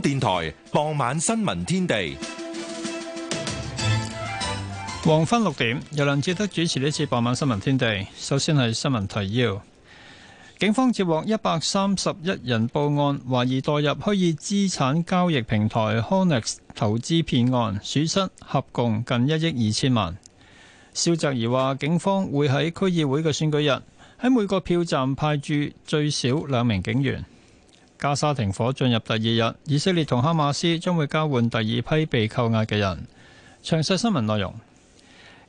電台傍晚新聞天地，黃昏六點由梁智德主持呢次傍晚新聞天地。首先係新聞提要，警方接獲一百三十一人報案，懷疑墮入虛擬資產交易平台 Hounax 投資騙案，損失合共近一億二千萬。蕭澤頤話，警方會喺區議會嘅選舉日喺每個票站派駐最少兩名警員。加沙停火進入第二日，以色列同哈馬斯將會交換第二批被扣押嘅人。詳細新聞內容，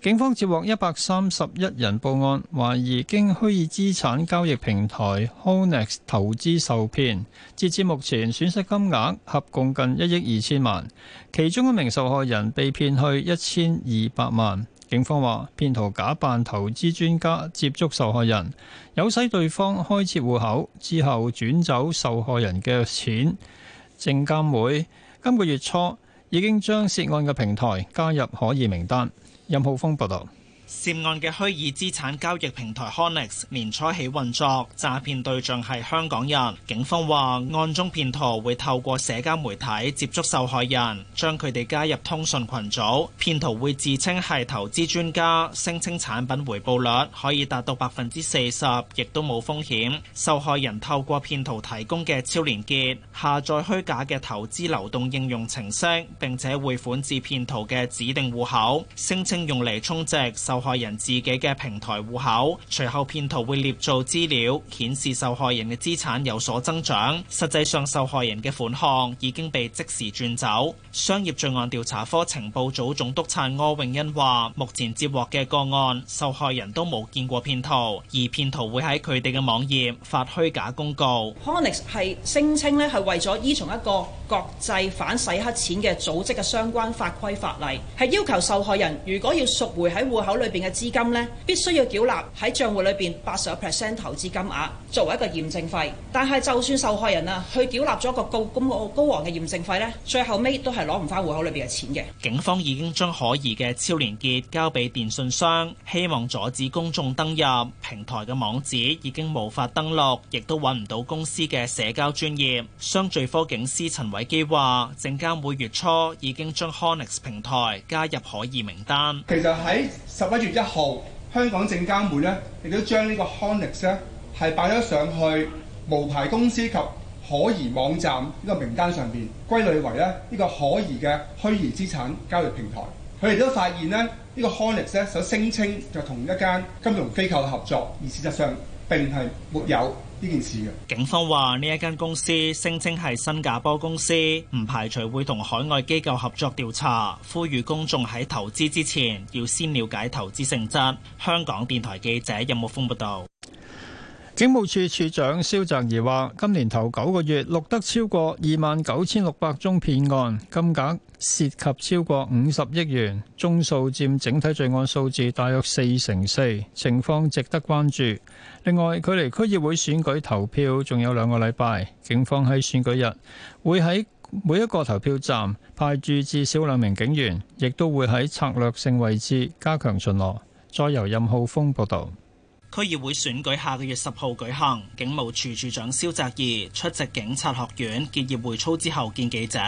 警方接獲一百三十一人報案，懷疑經虛擬資產交易平台 Hounax 投資受騙，截至目前損失金額合共近一億二千萬，其中一名受害人被騙去一千二百萬。警方話，騙徒假扮投資專家接觸受害人，誘使對方開設戶口，之後轉走受害人嘅錢。證監會今個月初已經將涉案嘅平台加入可疑名單。任浩峰報道。涉案嘅虛擬資產交易平台 Connex 年初起運作，詐騙對象係香港人。警方話，案中騙徒會透過社交媒體接觸受害人，將佢哋加入通訊群組。騙徒會自稱係投資專家，聲稱產品回報率可以達到百分之四十，亦都冇風險。受害人透過騙徒提供嘅超連結下載虛假嘅投資流動應用程式，並且匯款至騙徒嘅指定戶口，聲稱用嚟充值受受害人自己嘅平台戶口，隨後騙徒會捏造資料顯示受害人嘅資產有所增長，實際上受害人嘅款項已經被即時轉走。商業罪案調查科情報組總督察柯永恩話，目前接獲嘅個案，受害人都冇見過騙徒，而騙徒會喺佢哋嘅網頁發虛假公告。honix 係聲稱咧係為咗依從一個國際反洗黑錢嘅組織嘅相關法規法例，係要求受害人如果要贖回喺戶口裏面。邊嘅資金咧，必須要繳納喺賬戶裏邊八十個 percent 投資金額作為一個驗證費。但係就算受害人啊去繳納咗個高，咁高昂嘅驗證費咧，最後尾都係攞唔翻戶口裏邊嘅錢嘅。警方已經將可疑嘅超連結交俾電信商，希望阻止公眾登入平台嘅網址，已經無法登錄，亦都揾唔到公司嘅社交專業。商罪科警司陳偉基話：證監每月初已經將 HONEX 平台加入可疑名單。其實喺十一。一月一號，香港證監會咧亦都將個呢個 Hounax 咧係擺咗上去無牌公司及可疑網站呢個名單上邊，歸類為咧呢、這個可疑嘅虛擬資產交易平台。佢哋都發現咧。這個、呢個 Conex 咧所聲稱就同一間金融機構的合作，而事實上並係沒有呢件事嘅。警方話呢一間公司聲稱係新加坡公司，唔排除會同海外機構合作調查，呼籲公眾喺投資之前要先了解投資性質。香港電台記者任木風報道。警務處處長蕭澤頤話：今年頭九個月錄得超過二萬九千六百宗騙案，金額涉及超過五十億元，宗數佔整體罪案數字大約四成四，情況值得關注。另外，距離區議會選舉投票仲有兩個禮拜，警方喺選舉日會喺每一個投票站派駐至少兩名警員，亦都會喺策略性位置加強巡邏。再由任浩峰報道。區議會選舉下個月十號舉行，警務處處長蕭澤頤出席警察學院結業會操之後見記者，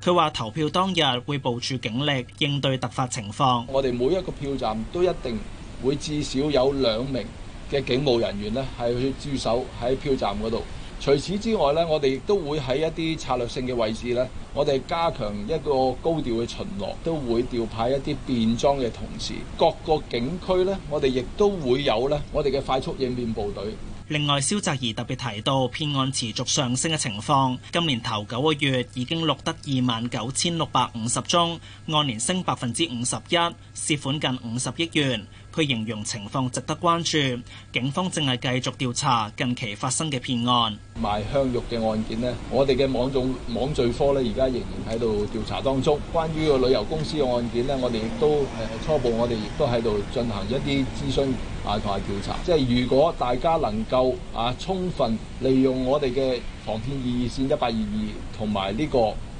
佢話投票當日會部署警力應對突發情況。我哋每一個票站都一定會至少有兩名嘅警務人員咧去駐守喺票站嗰度。除此之外咧，我哋亦都會喺一啲策略性嘅位置咧，我哋加強一個高調嘅巡邏，都會調派一啲便裝嘅同事。各個景區咧，我哋亦都會有咧，我哋嘅快速應變部隊。另外，蕭澤怡特別提到騙案持續上升嘅情況，今年頭九個月已經錄得二萬九千六百五十宗，按年升百分之五十一，涉款近五十億元。佢形容情況值得關注，警方正係繼續調查近期發生嘅騙案賣香肉嘅案件呢，我哋嘅網絡網罪科呢，而家仍然喺度調查當中。關於個旅遊公司嘅案件呢，我哋亦都誒初步，我哋亦都喺度進行一啲諮詢啊同埋調查。即係如果大家能夠啊充分利用我哋嘅防騙易熱線一八二二同埋呢個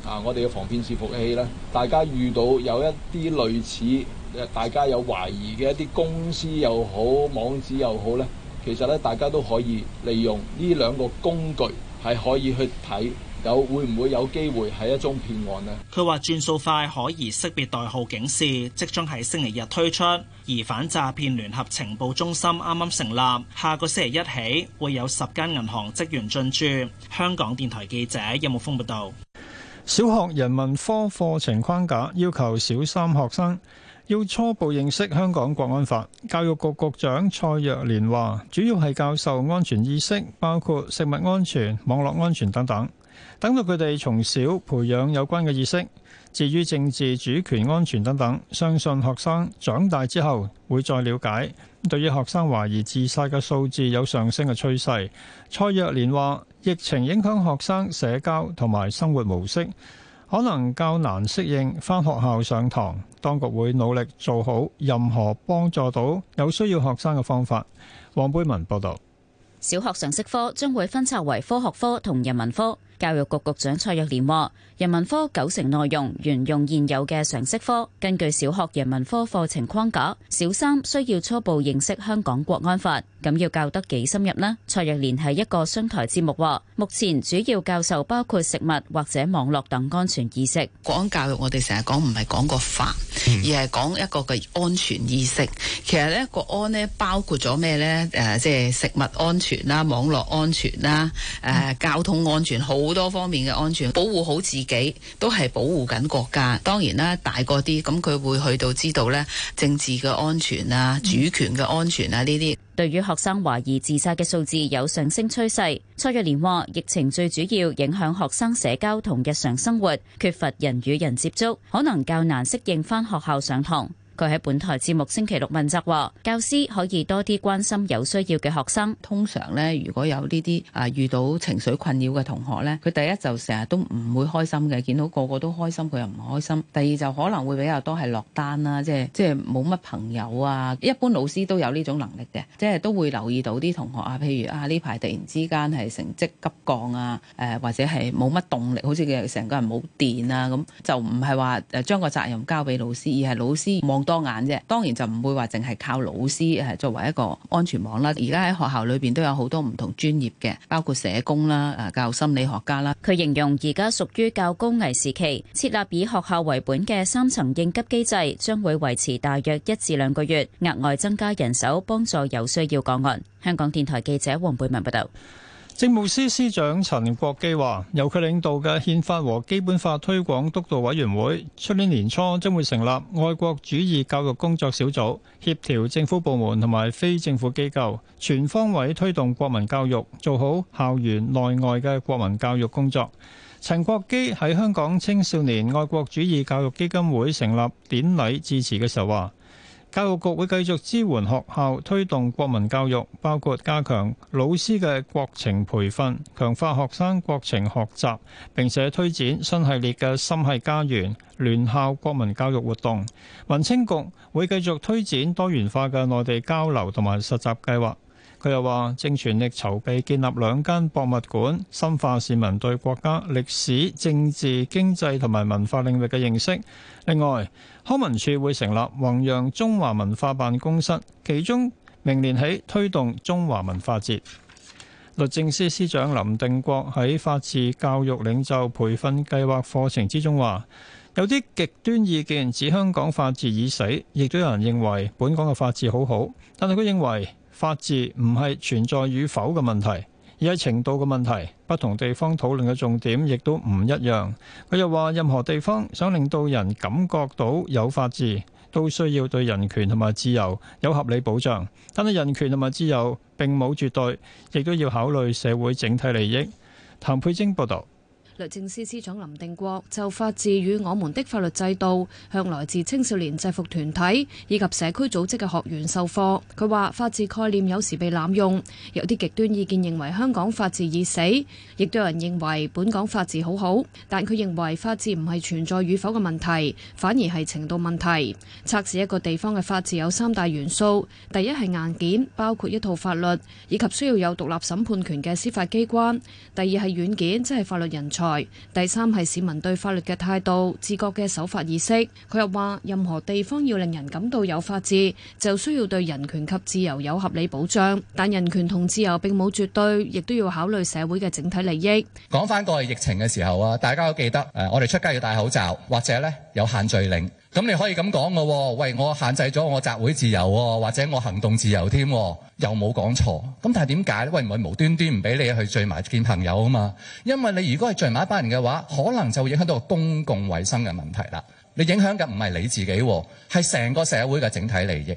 啊我哋嘅防騙視伏器呢，大家遇到有一啲類似。大家有懷疑嘅一啲公司又好，網址又好呢，其實咧，大家都可以利用呢兩個工具，係可以去睇有會唔會有機會係一宗騙案呢？佢話轉數快可疑識別代號警示，即將喺星期日推出。反詐騙聯合情報中心啱啱成立，下個星期一起會有十間銀行職員進駐。香港電台記者任木峰報道。小學人文科課程框架要求小三學生要初步認識香港國安法，教育局局長蔡若蓮話：主要係教授安全意識，包括食物安全、網絡安全等等。等到佢哋從小培養有關嘅意識。至於政治主權安全等等，相信學生長大之後會再了解。對於學生懷疑自殺嘅數字有上升嘅趨勢，蔡若蓮話：疫情影響學生社交同埋生活模式。可能較難適應返學校上堂，當局會努力做好任何幫助到有需要學生嘅方法。黃貝文報道，小學常識科將會分拆為科學科同人文科。教育局局長蔡若蓮話：，人文科九成內容沿用現有嘅常識科，根據小學人文科課程框架，小三需要初步認識香港國安法，咁要教得幾深入呢？蔡若蓮系一個商台節目話：，目前主要教授包括食物或者網絡等安全意識。國安教育我哋成日講唔係講個法，而係講一個嘅安全意識。其實咧，國安咧包括咗咩咧？誒、啊，即、就、係、是、食物安全啦、啊，網絡安全啦、啊，誒、啊，交通安全好。好多方面嘅安全，保護好自己都係保護緊國家。當然啦，大個啲咁，佢會去到知道咧，政治嘅安全啊、主權嘅安全啊呢啲。對於學生懷疑自殺嘅數字有上升趨勢，蔡若蓮話：疫情最主要影響學生社交同日常生活，缺乏人與人接觸，可能較難適應翻學校上堂。佢喺本台節目星期六問責話：教師可以多啲關心有需要嘅學生。通常咧，如果有呢啲啊遇到情緒困擾嘅同學咧，佢第一就成日都唔會開心嘅，見到個個都開心，佢又唔開心。第二就可能會比較多係落單啦，即係即係冇乜朋友啊。一般老師都有呢種能力嘅，即係都會留意到啲同學啊，譬如啊呢排突然之間係成績急降啊，誒或者係冇乜動力，好似佢成個人冇電啊咁，就唔係話誒將個責任交俾老師，而係老師望多眼啫，當然就唔會話淨係靠老師誒，作為一個安全網啦。而家喺學校裏邊都有好多唔同專業嘅，包括社工啦、教育心理學家啦。佢形容而家屬於較高危時期，設立以學校為本嘅三層應急機制，將會維持大約一至兩個月，額外增加人手，幫助有需要個案。香港電台記者黃貝文報道。政務司司長陳國基話，由佢領導嘅憲法和基本法推廣督導委員會，出年年初將會成立愛國主義教育工作小組，協調政府部門同埋非政府機構，全方位推動國民教育，做好校園內外嘅國民教育工作。陳國基喺香港青少年愛國主義教育基金會成立典禮致辭嘅時候話。教育局會繼續支援學校推動國民教育，包括加強老師嘅國情培訓，強化學生國情學習，並且推展新系列嘅心繫家園聯校國民教育活動。民青局會繼續推展多元化嘅內地交流同埋實習計劃。佢又話：正全力籌備建立兩間博物館，深化市民對國家歷史、政治、經濟同埋文化領域嘅認識。另外，康文署會成立弘揚中華文化辦公室，其中明年起推動中華文化節。律政司司長林定國喺法治教育領袖培訓計劃課程之中話：有啲極端意見指香港法治已死，亦都有人認為本港嘅法治好好，但係佢認為，法治唔係存在與否嘅問題，而係程度嘅問題，不同地方討論嘅重點亦都唔一樣，佢又話任何地方想令到人感覺到有法治，都需要對人權同埋自由有合理保障。但係人權同埋自由並冇絕對，亦都要考慮社會整體利益。譚佩晶報道。律政司司長林定國就法治與我們的法律制度向來自青少年制服團體以及社區組織嘅學員授課。佢話法治概念有時被濫用，有啲極端意見認為香港法治已死，亦都有人認為本港法治好好。但佢認為法治唔係存在與否嘅問題，反而係程度問題。測試一個地方嘅法治有三大元素：第一係硬件，包括一套法律以及需要有獨立審判權嘅司法機關；第二係軟件，即係法律人才。第三係市民對法律嘅態度、自覺嘅守法意識。佢又話：任何地方要令人感到有法治，就需要對人權及自由有合理保障。但人權同自由並冇絕對，亦都要考慮社會嘅整體利益。講翻過去疫情嘅時候啊，大家都記得誒，我哋出街要戴口罩，或者咧有限聚令。咁你可以咁講嘅喎，喂，我限制咗我集會自由喎，或者我行動自由添，又冇講錯。咁但係點解？喂，唔會無端端唔俾你去聚埋見朋友啊嘛？因為你如果係聚埋一班人嘅話，可能就會影響到個公共衛生嘅問題啦。你影響嘅唔係你自己，係成個社會嘅整體利益。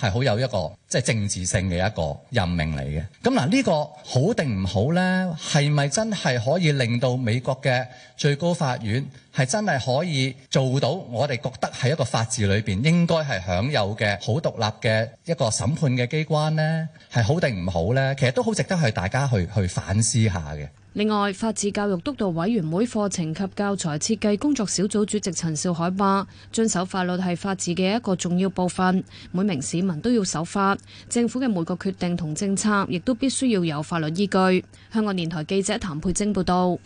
係好有一個即係、就是、政治性嘅一個任命嚟嘅，咁嗱呢個好定唔好呢？係咪真係可以令到美國嘅最高法院係真係可以做到我哋覺得係一個法治裏邊應該係享有嘅好獨立嘅一個審判嘅機關呢？係好定唔好呢？其實都好值得去大家去去反思下嘅。另外，法治教育督導委員會課程及教材設計工作小組主席陳兆海話，遵守法律係法治嘅一個重要部分，每名市民都要守法，政府嘅每個決定同政策亦都必須要有法律依據。香港電台記者譚佩貞報道。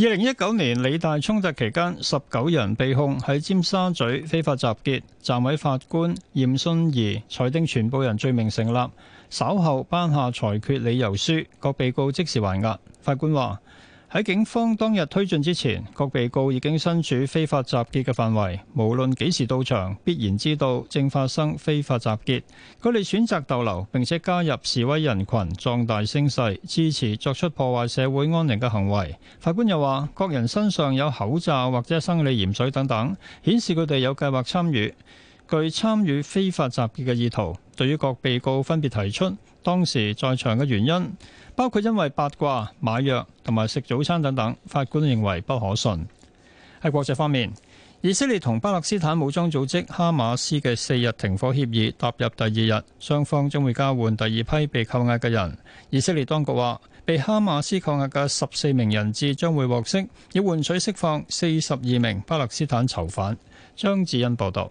二零一九年理大衝突期間，十九人被控喺尖沙咀非法集結，暫委法官嚴信儀裁定全部人罪名成立，稍後頒下裁決理由書，各被告即時還押。法官話。喺警方當日推進之前，各被告已經身處非法集結嘅範圍，無論幾時到場，必然知道正發生非法集結。佢哋選擇逗留並且加入示威人群，壯大聲勢，支持作出破壞社會安寧嘅行為。法官又話：各人身上有口罩或者生理鹽水等等，顯示佢哋有計劃參與，具參與非法集結嘅意圖。對於各被告分別提出當時在場嘅原因。包括因為八卦、買藥同埋食早餐等等，法官認為不可信。喺國際方面，以色列同巴勒斯坦武裝組織哈馬斯嘅四日停火協議踏入第二日，雙方將會交換第二批被扣押嘅人。以色列當局話，被哈馬斯扣押嘅十四名人質將會獲釋，以換取釋放四十二名巴勒斯坦囚犯。張智恩報道，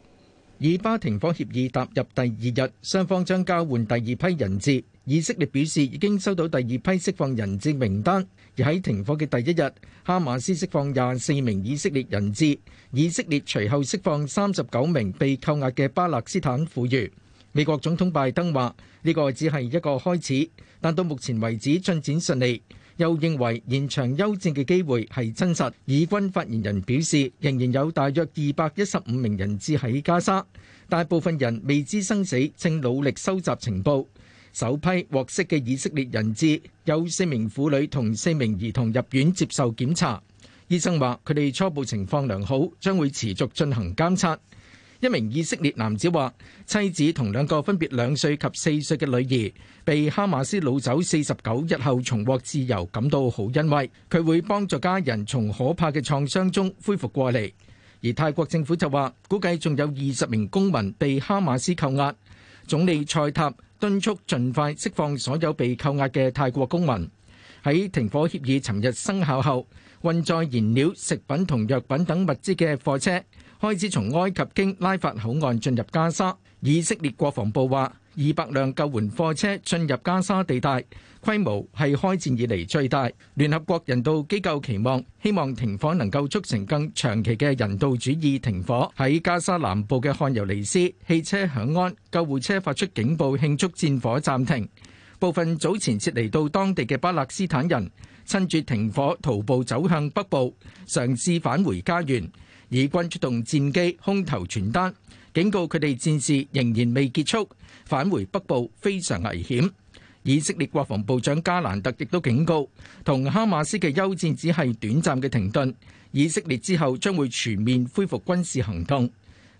以巴停火協議踏入第二日，雙方將交換第二批人質。以色列表示已經收到第二批釋放人質名單，而喺停火嘅第一日，哈馬斯釋放廿四名以色列人質，以色列隨後釋放三十九名被扣押嘅巴勒斯坦婦孺。美國總統拜登話：呢個只係一個開始，但到目前為止進展順利。又認為延長休戰嘅機會係真實。以軍發言人表示，仍然有大約二百一十五名人質喺加沙，大部分人未知生死，正努力收集情報。首批獲釋嘅以色列人質有四名婦女同四名兒童入院接受檢查。醫生話佢哋初步情況良好，將會持續進行監測。一名以色列男子話：妻子同兩個分別兩歲及四歲嘅女兒被哈馬斯擄走四十九日後，重獲自由，感到好欣慰。佢會幫助家人從可怕嘅創傷中恢復過嚟。而泰國政府就話，估計仲有二十名公民被哈馬斯扣押。總理塞塔。敦促盡快釋放所有被扣押嘅泰國公民。喺停火協議尋日生效後，運載燃料、食品同藥品等物資嘅貨車開始從埃及經拉法口岸進入加沙。以色列國防部話，二百輛救援貨車進入加沙地帶。規模係開戰以嚟最大。聯合國人道機構期望希望停火能夠促成更長期嘅人道主義停火。喺加沙南部嘅漢尤尼斯，汽車響安，救護車發出警報，慶祝戰火暫停。部分早前撤離到當地嘅巴勒斯坦人，趁住停火徒步走向北部，嘗試返回家園。以軍出動戰機空投傳單，警告佢哋戰事仍然未結束，返回北部非常危險。以色列國防部長加蘭特亦都警告，同哈馬斯嘅休戰只係短暫嘅停頓，以色列之後將會全面恢復軍事行動。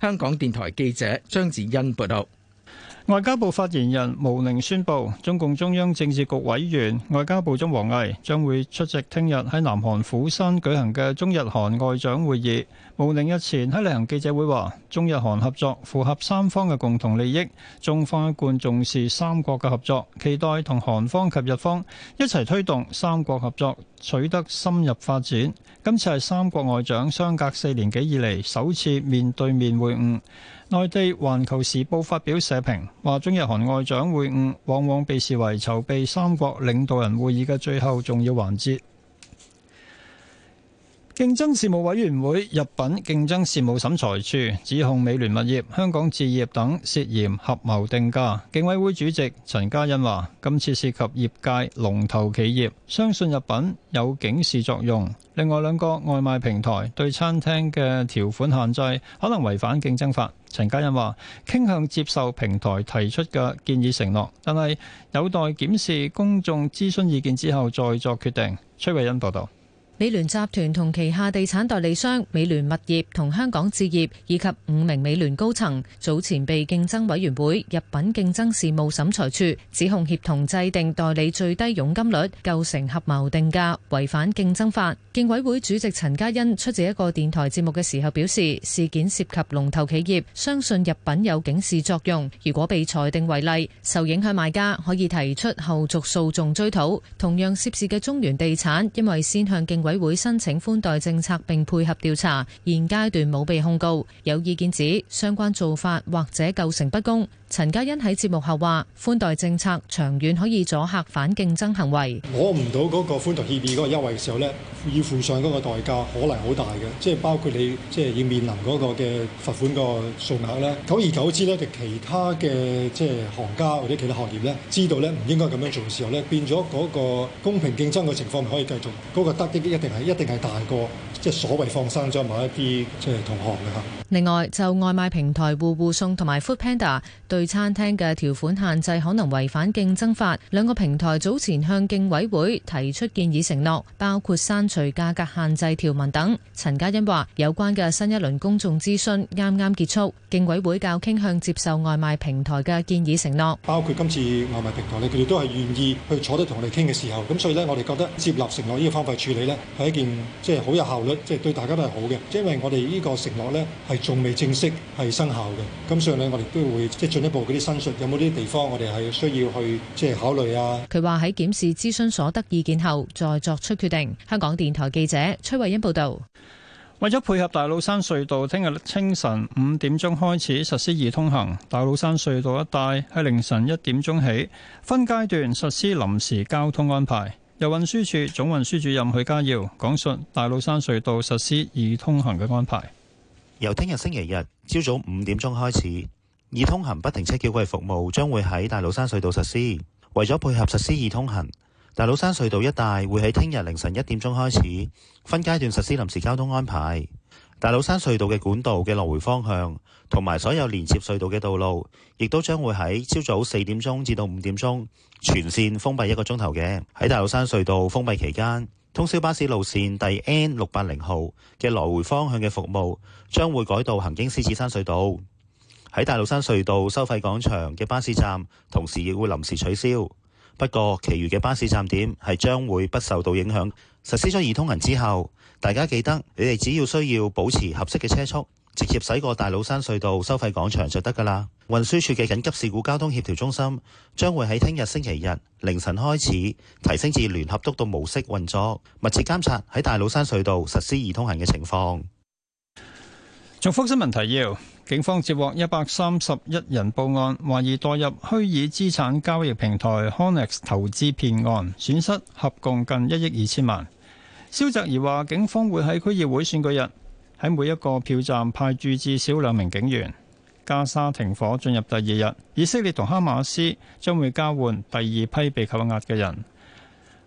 香港電台記者張子欣報道。外交部發言人毛寧宣布，中共中央政治局委員外交部長王毅將會出席聽日喺南韓釜山舉行嘅中日韓外長會議。毛寧日前喺例行記者會話：中日韓合作符合三方嘅共同利益，中方一貫重視三國嘅合作，期待同韓方及日方一齊推動三國合作取得深入發展。今次係三國外長相隔四年幾以嚟首次面對面會晤。內地《環球時報》發表社評，話中日韓外長會晤往往被視為籌備三國領導人會議嘅最後重要環節。競爭事務委員會入稟競爭事務審裁處，指控美聯物業、香港置業等涉嫌合謀定價。競委會主席陳家欣話，今次涉及業界龍頭企業，相信入稟有警示作用。另外兩個外賣平台對餐廳嘅條款限制，可能違反競爭法。陳家欣話，傾向接受平台提出嘅建議承諾，但係有待檢視公眾諮詢意見之後再作決定。崔慧欣報道。美聯集團同旗下地產代理商美聯物業同香港置業以及五名美聯高層，早前被競爭委員會入稟競爭事務審裁處，指控協同制定代理最低佣金率，構成合謀定價，違反競爭法。競委會主席陳家欣出席一個電台節目嘅時候表示，事件涉及龍頭企業，相信入稟有警示作用。如果被裁定違例，受影響賣家可以提出後續訴訟追討。同樣涉事嘅中原地產，因為先向競委會申請寬待政策，並配合調查，現階段冇被控告。有意見指相關做法或者構成不公。陳嘉欣喺節目後話：寬待政策長遠可以阻嚇反競爭行為。攞唔到嗰個寬待協議嗰個優惠嘅時候呢要付上嗰個代價，可能好大嘅。即係包括你，即係要面臨嗰個嘅罰款個數額咧。久而久之呢其他嘅即係行家或者其他行業呢，知道呢唔應該咁樣做嘅時候呢變咗嗰個公平競爭嘅情況咪可以繼續嗰個得益一定係一定係大過即係所謂放生咗某一啲即係同行嘅。另外就外賣平台戶戶送同埋 Foodpanda 對。餐廳嘅條款限制可能違反競爭法。兩個平台早前向競委會提出建議承諾，包括刪除價格限制條文等。陳嘉欣話有關嘅新一輪公眾諮詢啱啱結束，競委會較傾向接受外賣平台嘅建議承諾，包括今次外賣平台咧，佢哋都係願意去坐得同我哋傾嘅時候。咁所以咧，我哋覺得接納承諾呢個方法處理咧，係一件即係好有效率，即係對大家都係好嘅。因為我哋呢個承諾咧係仲未正式係生效嘅，咁所以咧我哋都會即係進一步。嗰啲新術，有冇啲地方我哋係需要去即係考慮啊？佢話喺檢視諮詢所得意見後再作出決定。香港電台記者崔慧欣報道。為咗配合大老山隧道聽日清晨五點鐘開始實施易通行，大老山隧道一帶喺凌晨一點鐘起分階段實施臨時交通安排。由運輸處總運輸主任許嘉耀講述大老山隧道實施易通行嘅安排。由聽日星期日朝早五點鐘開始。以通行不停車叫為服務，將會喺大老山隧道實施。為咗配合實施以通行，大老山隧道一帶會喺聽日凌晨一點鐘開始分階段實施臨時交通安排。大老山隧道嘅管道嘅來回方向，同埋所有連接隧道嘅道路，亦都將會喺朝早四點鐘至到五點鐘全線封閉一個鐘頭嘅。喺大老山隧道封閉期間，通宵巴士路線第 N 六八零號嘅來回方向嘅服務，將會改到行經獅子山隧道。喺大老山隧道收費廣場嘅巴士站，同時亦會臨時取消。不過，其餘嘅巴士站點係將會不受到影響。實施咗二通行之後，大家記得你哋只要需要保持合適嘅車速，直接駛過大老山隧道收費廣場就得噶啦。運輸署嘅緊急事故交通協調中心將會喺聽日星期日凌晨開始提升至聯合督導模式運作，密切監察喺大老山隧道實施二通行嘅情況。重複新聞提要。警方接獲一百三十一人報案，懷疑墮入虛擬資產交易平台 Hounax 投資騙案，損失合共近一億二千萬。蕭澤頤話，警方會喺區議會選舉日喺每一個票站派駐至少兩名警員。加沙停火進入第二日，以色列同哈馬斯將會交換第二批被扣押嘅人。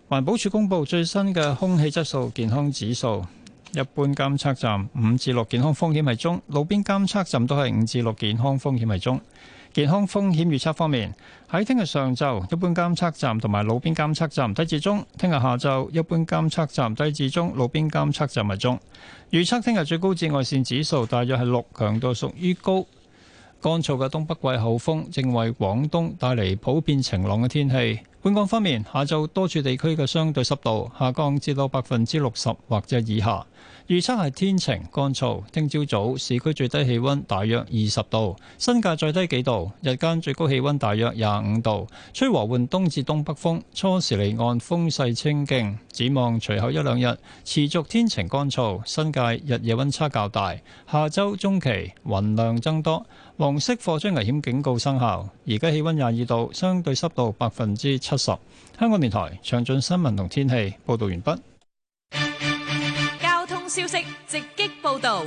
環保署公布最新嘅空氣質素健康指數。一般監測站五至六健康風險係中，路邊監測站都係五至六健康風險係中。健康風險預測方面，喺聽日上晝一般監測站同埋路邊監測站低至中，聽日下晝一般監測站低至中，路邊監測站係中。預測聽日最高紫外線指數大約係六，強度屬於高。乾燥嘅東北季候風正為廣東帶嚟普遍晴朗嘅天氣，本港方面，下晝多處地區嘅相對濕度下降至到百分之六十或者以下。預測係天晴乾燥，聽朝早，早市區最低氣溫大約二十度，新界最低幾度，日間最高氣溫大約廿五度，吹和緩東至東北風，初時離岸風勢清勁，展望隨後一兩日持續天晴乾燥，新界日夜溫差較大。下週中期雲量增多，黃色火災危險警告生效。而家氣溫廿二度，相對濕度百分之七十。香港電台詳盡新聞同天氣報道完畢。消息直擊報道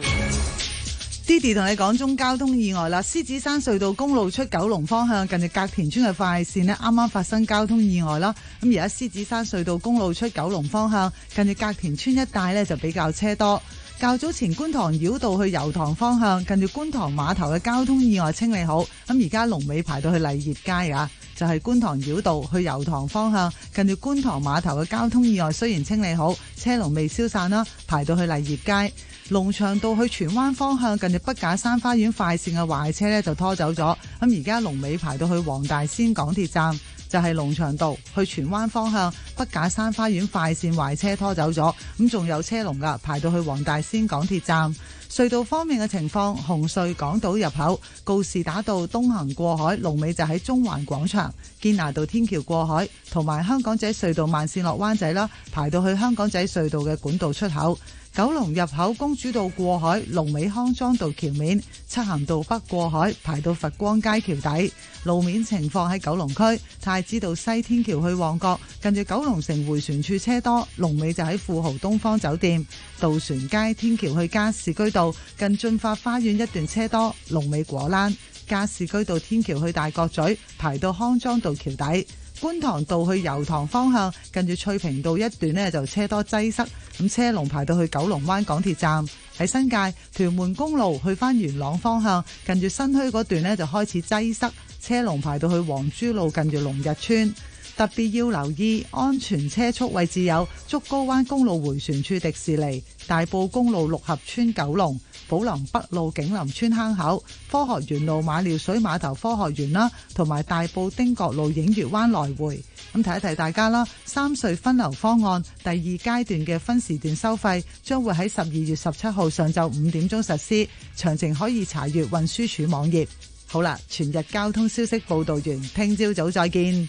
，Didi 同你講中交通意外啦。獅子山隧道公路出九龍方向，近住隔田村嘅快線呢，啱啱發生交通意外啦。咁而家獅子山隧道公路出九龍方向，近住隔田村一帶呢就比較車多。較早前觀塘繞道去油塘方向，近住觀塘碼頭嘅交通意外清理好，咁而家龍尾排到去勵業街啊，就係、是、觀塘繞道去油塘方向，近住觀塘碼頭嘅交通意外雖然清理好，車龍未消散啦，排到去勵業街。龍翔道去荃灣方向，近住畢架山花園快綫嘅壞車呢，就拖走咗，咁而家龍尾排到去黃大仙港鐵站，就係龍翔道去荃灣方向。北架山花園快線壞車拖走咗，咁仲有車龍噶，排到去黃大仙港鐵站。隧道方面嘅情況，紅隧港島入口告士打道東行過海龍尾就喺中環廣場，堅拿道天橋過海，同埋香港仔隧道慢線落灣仔啦，排到去香港仔隧道嘅管道出口。九龍入口公主道過海龍尾康莊道橋面，漆咸道北過海排到佛光街橋底。路面情況，喺九龍區太子道西天橋去旺角，近住九。九龍城回旋處車多，龍尾就喺富豪東方酒店；渡船街天橋去加士居道，近駿發花園一段車多，龍尾果欄；加士居道天橋去大角咀，排到康莊道橋底；觀塘道去油塘方向，近住翠屏道一段呢就車多擠塞，咁車龍排到去九龍灣港鐵站；喺新界屯門公路去翻元朗方向，近住新墟嗰段呢就開始擠塞，車龍排到去黃珠路近住龍日村。特別要留意安全車速位置有竹篙灣公路回旋處、迪士尼大埔公路六合村、九龍寶林北路、景林村坑口科學園路馬料水碼頭科學園啦，同埋大埔丁角路映月灣來回。咁提一提大家啦。三隧分流方案第二階段嘅分時段收費將會喺十二月十七號上晝五點鐘實施，詳情可以查閱運輸署網頁。好啦，全日交通消息報道完，聽朝早再見。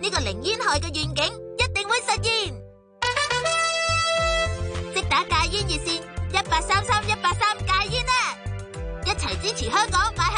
呢、這個零煙害嘅願景一定會實現，即 打戒煙熱線一八三三一八三戒煙啊！一齊支持香港買。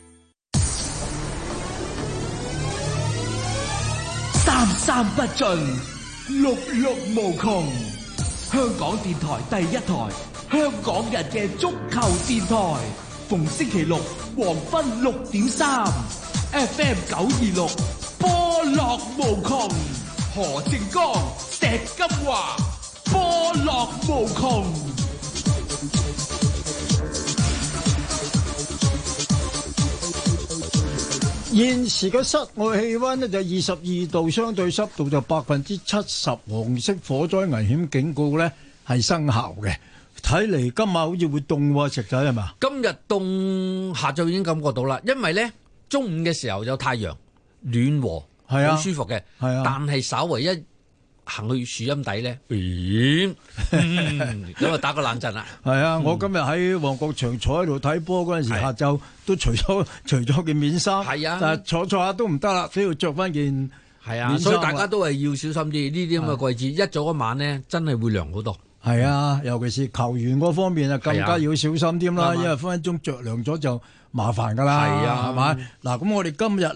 三不盡，六六無窮。香港電台第一台，香港人嘅足球電台。逢星期六黃昏六點三，FM 九二六， FM926，波樂無窮。何靜江，石金華，波樂無窮。現時嘅室外氣溫呢就二十二度，相對濕度就百分之七十，黃色火災危險警告呢係生效嘅。睇嚟今晚好似會凍喎，石仔係嘛？今日凍，下晝已經感覺到啦。因為呢中午嘅時候有太陽，暖和，係啊，好舒服嘅，係啊。但係稍為一。行去樹蔭底咧，咁、嗯、啊、 嗯、打個冷震啦。係啊，我今日喺旺角場坐喺度睇波嗰陣時、嗯，下晝都除咗除咗、啊、件棉衫，但係坐坐下都唔得啦，都要着翻件，係啊，所以大家都係要小心啲。呢啲咁嘅季節、啊，一早一晚咧，真係會涼好多。係啊，尤其是球員嗰方面啊，更加要小心啲啦、啊，因為分分鐘着涼咗就麻煩噶啦，係啊，係咪？嗱、啊，咁我哋今日。